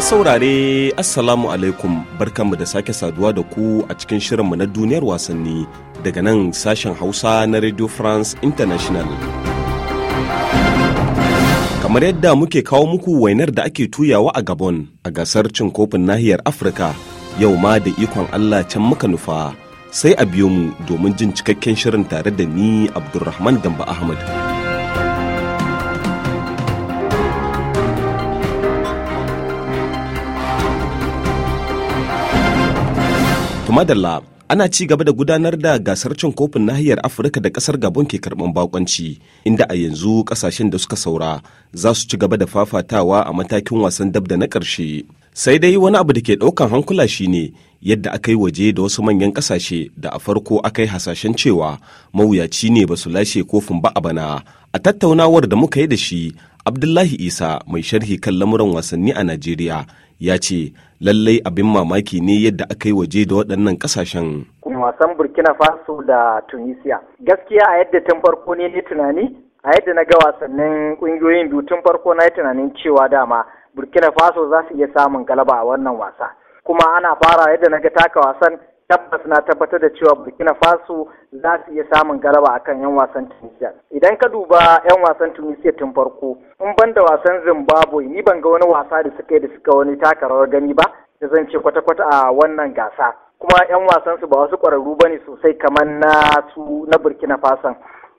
Masu saurare Assalamu alaikum barkanmu da sake saduwa da ku a cikin shirinmu na duniyar wasanni daga nan sashen Hausa na Radio France International. Kamar yadda muke kawo muku wainar da ake tuyawa a Gabon a gasar cin kofin nahiyar Afirka yau ma da ikon Allah can muka nufa sai a biyo mu domin jin cikakken shirin tare da ni Abdulrahman Damba Ahmad. da madalla ana ci gaba da gudanar da gasar cin kofin nahiyar Afirka da kasar Gabon ke karban bakonci inda a yanzu kasashen da suka saura za su ci gaba da fafatawa a matakin wasan dab da na ƙarshe. Sai dai wani abu da ke ɗaukan hankula shine yadda aka yi waje da wasu manyan ƙasashe da a farko aka yi hasashen cewa mawuyaci ne ba su lashe kofin ba a bana. A tattaunawar da muka yi da shi Abdullahi Isa mai sharhi kan lamuran wasanni a Najeriya ya ce lallai abin mamaki ne yadda aka yi waje da waɗannan ƙasashen. wasan burkina faso da tunisia gaskiya a yadda tun farko ne ni tunani a yadda na ga wasannin ƙungiyoyin biyu tun farko na yi tunanin cewa dama burkina faso za su iya samun galaba a wannan wasa kuma ana fara yadda na ga taka wasan tabbas na tabbatar da cewa burkina faso za su iya samun galaba akan yan wasan tunisia idan ka duba yan wasan tunisia tun farko in ban da wasan zimbabwe ni ban ga wani wasa da suka yi da suka wani taka rawar gani ba da zan ce kwata-kwata a wannan gasa kuma yan wasan su ba wasu ƙwararru ne sosai kamar na su na burkina faso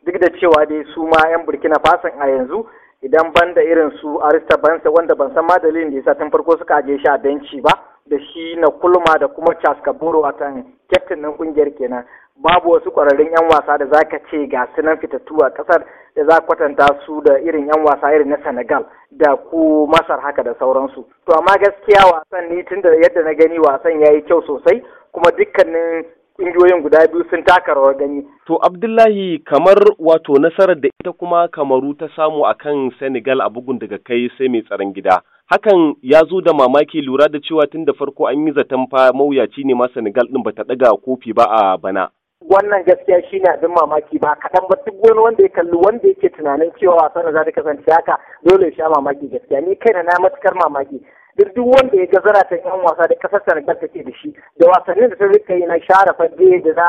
duk da cewa dai su ma yan burkina faso a yanzu idan ban da irin su arista bansa wanda ban san ma dalilin da yasa tun farko suka aje shi a benci ba da shi na kulma da kuma Charles a watan captain nan kungiyar kenan babu wasu kwararrun yan wasa da zaka ce ga sunan fitattu a kasar da za kwatanta su da irin yan wasa irin na Senegal da ku Masar haka da sauransu to amma gaskiya wasan ni tunda yadda na gani wasan yayi kyau sosai kuma dukkanin ƙungiyoyin guda biyu sun taka rawar gani. To Abdullahi kamar wato nasarar da ita kuma kamaru ta samu akan Senegal a bugun daga kai sai mai tsaron gida. hakan ya zo da mamaki lura da cewa tun da farko an yi zaton fa mawuyaci ne ma Senegal din bata daga kofi ba a bana wannan gaskiya shi ne abin mamaki ba kaɗan ba duk wani wanda ya kalli wanda yake tunanin cewa wasan za ta kasance haka dole ya sha mamaki gaskiya ni kaina na matukar mamaki duk duk wanda ya gazara ta yan wasa da kasar Senegal take da shi da wasannin da ta rika yi na share fage da za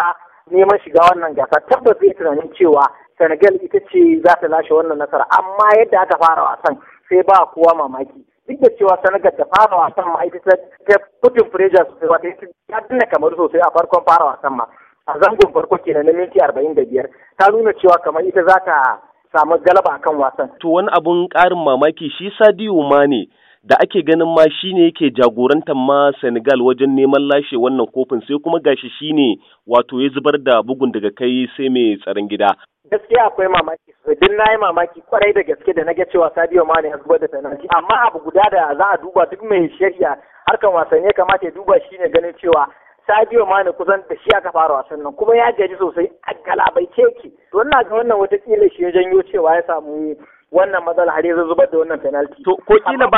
neman shiga wannan gasa tabbas zai tunanin cewa Senegal ita ce za ta lashe wannan nasara amma yadda aka fara wasan sai ba kowa mamaki duk da cewa sanagar da fara wasan ma ita ta putin fureja sosai wata ta dinna kamar sosai a farkon fara wasan ma a zangon farko kenan na minti arba'in da biyar ta nuna cewa kamar ita za ta samu galaba akan wasan. To wani abun karin mamaki shi Sadiyu ne. da ake ganin ma shi ne yake jagorantar ma Senegal wajen neman lashe wannan kofin sai kuma gashi shi ne wato ya zubar da bugun daga kai sai mai tsaron gida. Gaskiya akwai mamaki sosai na yi mamaki kwarai da gaske da na ga cewa Sadio Mane ya zubar da penalty amma abu guda da za a duba duk mai shari'a harkan wasanni ya kamata ya duba shi ne ganin cewa Sadio Mane kusan da shi aka fara wasan nan kuma ya gaji sosai a galabaice yake. To na ga wannan wata kila shi ya janyo cewa ya samu wannan matsala har yanzu zubar da wannan penalty. To ko kila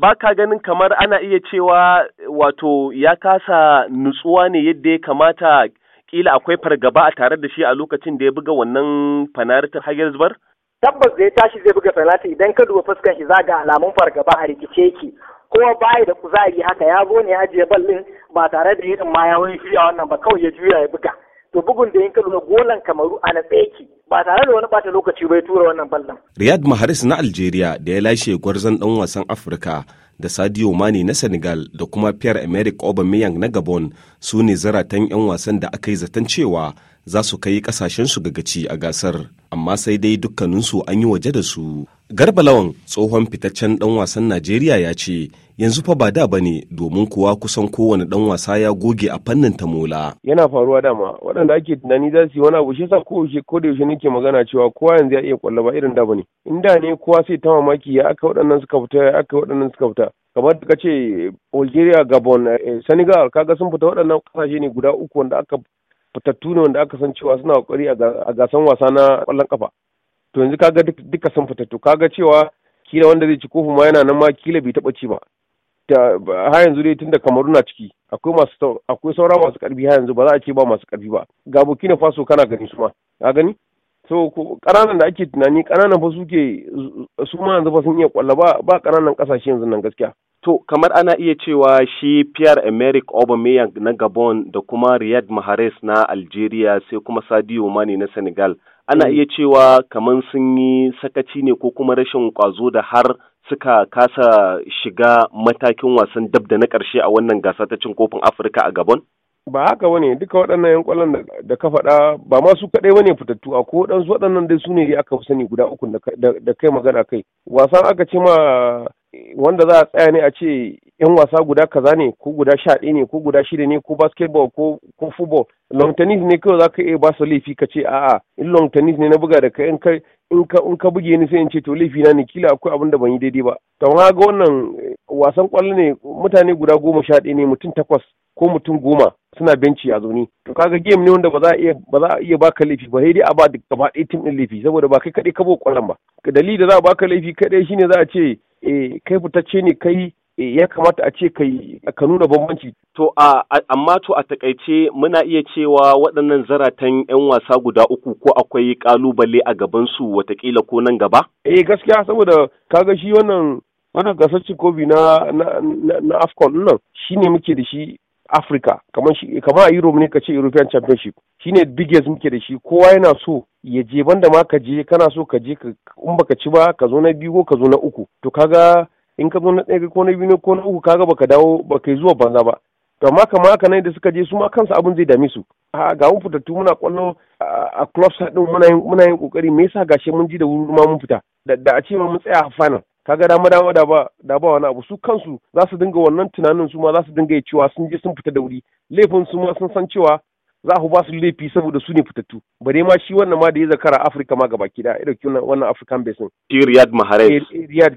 ba ka ganin kamar ana iya cewa wato ya kasa nutsuwa ne yadda ya kamata kila akwai fargaba a tare da shi a lokacin da ya buga wannan penalty har zubar? Tabbas da ya tashi zai buga penalty idan ka duba fuskar shi za ga alamun fargaba a rikice yake. Kowa baya da kuzari haka ya zo ne ya ajiye ballin ba tare da irin ma ya wani shirya wannan ba kawai ya juya ya buga. to bugun da yanka lura golan kamaru a natsa yake ba tare da wani bata lokaci bai tura wannan ballon. Riyad maharis na Algeria da ya lashe gwarzon dan wasan Afirka da Sadio mani na Senegal da kuma Pierre-Emerick Aubameyang na Gabon su ne zaratan 'yan wasan da aka yi zaton cewa za su kai su ga gaci a gasar amma sai dai dukkaninsu an yi waje da su. Garba Lawan tsohon fitaccen dan wasan Najeriya ya ce yanzu fa ba da ba ne domin kuwa kusan kowane dan wasa ya goge a fannin tamola. Yana faruwa dama waɗanda ake tunani za su yi wani abu shi yasa ko yaushe ko da yaushe nake magana cewa kowa yanzu ya iya kwalla ba irin da ba ne. In da ne kowa sai ta mamaki ya aka waɗannan suka fita ya aka waɗannan suka fita. kamar da ce Algeria Gabon eh, Senegal kaga sun fita waɗannan ƙasashe ne guda uku wanda aka fitattu ne wanda aka san cewa suna kokari a gasan wasa na ƙwallon kafa. To yanzu kaga duka sun fitattu kaga cewa kila wanda zai ci kofi ma yana nan ma kila bai taɓa ci ba har yanzu dai tunda kamaru na ciki akwai masu akwai saura masu karfi har yanzu ba za a ce ba masu karfi ba ga burkina faso kana gani su ma ka gani so kananan da ake tunani kananan fa suke su ma yanzu ba sun iya kwalla ba ba kananan kasashe yanzu nan gaskiya To, kamar ana iya cewa shi Pierre Emerick Aubameyang na Gabon da kuma Riyad Mahrez na Algeria sai kuma Sadio Mane na Senegal. Ana mm. iya cewa kamar sun yi sakaci ne ko kuma rashin kwazo da har suka kasa shiga matakin wasan dab da na ƙarshe a wannan gasa ta cin kofin Afirka a Gabon? ba haka bane duka waɗannan yan kwallon da ka faɗa ba ma su kaɗai bane fitattu a ko waɗansu waɗannan dai su ne aka sani guda uku da kai magana kai wasan aka ce ma wanda za a tsaya ne a ce yan wasa guda kaza ne ko guda sha ne ko guda shida ne ko basketball ko ko football long tennis ne kawai za ka iya ba su laifi ka ce a'a in long tennis ne na buga da kai in ka in ka in ka buge ni sai in ce to laifi na ne kila akwai abin da ban yi daidai ba to ha ga wannan eh, wasan kwallo ne mutane guda goma sha ne mutum takwas ko mutum goma suna benci a zaune to kaga game ne wanda ba za a iya ba za baka laifi ba sai dai a ba gaba ɗaya tim ɗin laifi saboda ba kai kaɗai ka bo ƙwallon ba dalili da za a baka laifi kaɗai shine za a ce eh kai fitacce ne kai eh, ya kamata a ce kai ka nuna bambanci. To amma to a takaice muna iya cewa waɗannan zaratan 'yan wasa guda uku ko akwai kalubale a gaban su watakila ko nan gaba? Eh gaskiya saboda kaga shi wannan wannan gasar kobi na na, na, na afcon nan shi muke da shi Africa kamar shi kamar a Europe ne ka ce European Championship shine biggest muke da shi kowa yana so ya je banda ma ka je kana so ka je in baka ci ba ka zo na biyu ko ka zo na uku to kaga in ka zo na ɗaya ko na biyu ko na uku kaga baka dawo baka yi zuwa banza ba to amma kamar haka nan da suka je su ma kansu abin zai dame su a ga mun fitattu muna kwallo a club side din muna yin muna yin kokari me yasa gashi mun ji da wuri ma mun fita da a ce mun tsaya a final kaga dama dama da ba da ba wani abu su kansu za su dinga wannan tunanin su ma za su dinga cewa sun je sun fita da wuri laifin su ma sun san cewa za ku ba su laifi saboda su ne fitattu dai ma shi wannan ma da ya zakara afirka ma gabaki da ya dauki wannan african basin riyad mahrez eh, eh, riyad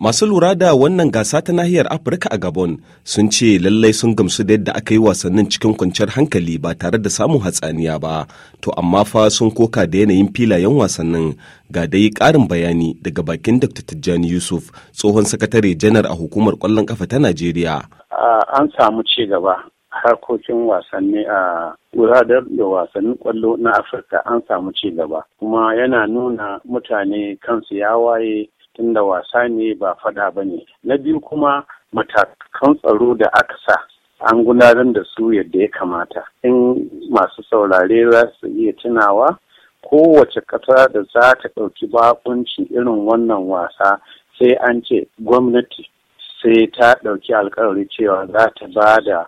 masu lura da wannan gasa ta nahiyar afirka a gabon sun ce lallai sun gamsu da yadda aka yi wasannin cikin kwanciyar hankali ba tare da samun hatsaniya ba to amma fa sun koka da yanayin filayen wasannin ga dai karin bayani daga bakin dr tijjani yusuf tsohon sakatare janar a hukumar kwallon kafa ta najeriya ah, an samu ci gaba harkokin wasanni a gudanar da wasannin kwallo na afirka an samu ci gaba kuma yana nuna mutane kansu ya waye tunda wasa ne ba fada ba ne na biyu kuma matakan tsaro da aka sa an gudanar da su yadda ya kamata in masu saurare za su iya tunawa kowace ƙasa da za ta ɗauki bakunci irin wannan wasa sai an ce gwamnati sai ta ɗauki alkawari cewa za ta ba da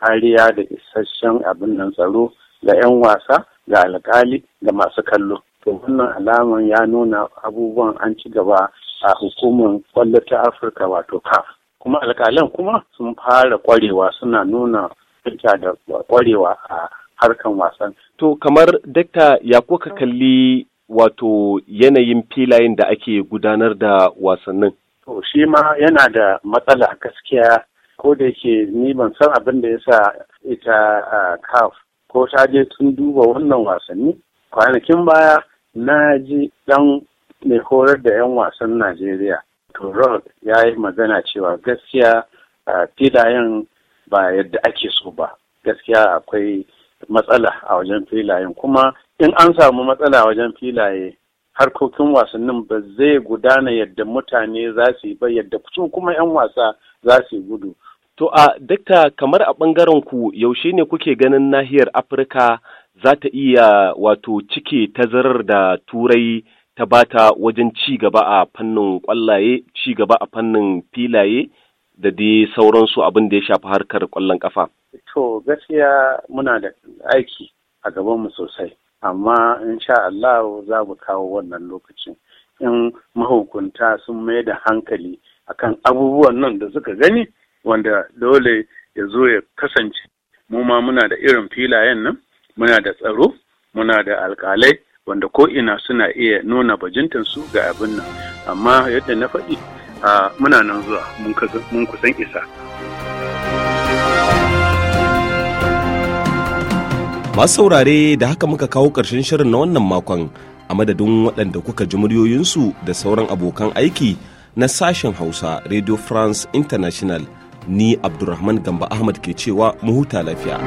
kariya da isasshen abin nan tsaro ga 'yan wasa ga alkali da masu kallo to wannan alaman ya nuna abubuwan an ci gaba a hukumar kwallo ta afirka wato caf kuma alkalan kuma sun fara kwarewa suna nuna fita da kwarewa a harkan wasan to kamar dakta ya ka kalli wato yanayin filayen da ake gudanar da wasannin to shi ma yana da matsala gaskiya ko da yake ni ban san abin da ya sa ita caf ko ta je tun duba wannan wasanni kwanakin baya na ji dan mai horar da 'yan wasan najeriya turok ya yi magana cewa gaskiya filayen ba yadda ake so ba gaskiya akwai matsala a wajen filayen kuma in an samu matsala a wajen filaye harkokin wasannin ba zai gudana yadda mutane za su yi ba yadda su kuma 'yan wasa za su yi gudu To a dakta kamar a ɓangaren ku yaushe ne kuke ganin nahiyar Afirka za ta iya wato cike tazarar da turai ta bata wajen ci gaba a fannin kwallaye ci gaba a fannin filaye da dai sauransu abin da ya shafi harkar kwallon ƙafa? To gaskiya muna da aiki a gabanmu sosai amma insha Allah za mu kawo wannan lokacin in mahukunta sun mai da hankali akan abubuwan nan da suka gani wanda dole ya zo ya kasance mu ma muna da irin filayen nan muna da tsaro muna da alkalai wanda ko ina suna iya nuna bajintansu ga abin nan amma yadda na faɗi a muna nan zuwa mun kusan isa masu saurare da haka muka kawo ƙarshen shirin na wannan makon a madadin waɗanda kuka ji muryoyinsu da sauran abokan aiki na sashen hausa radio france international ni abdulrahman gamba ahmad ke cewa mu huta lafiya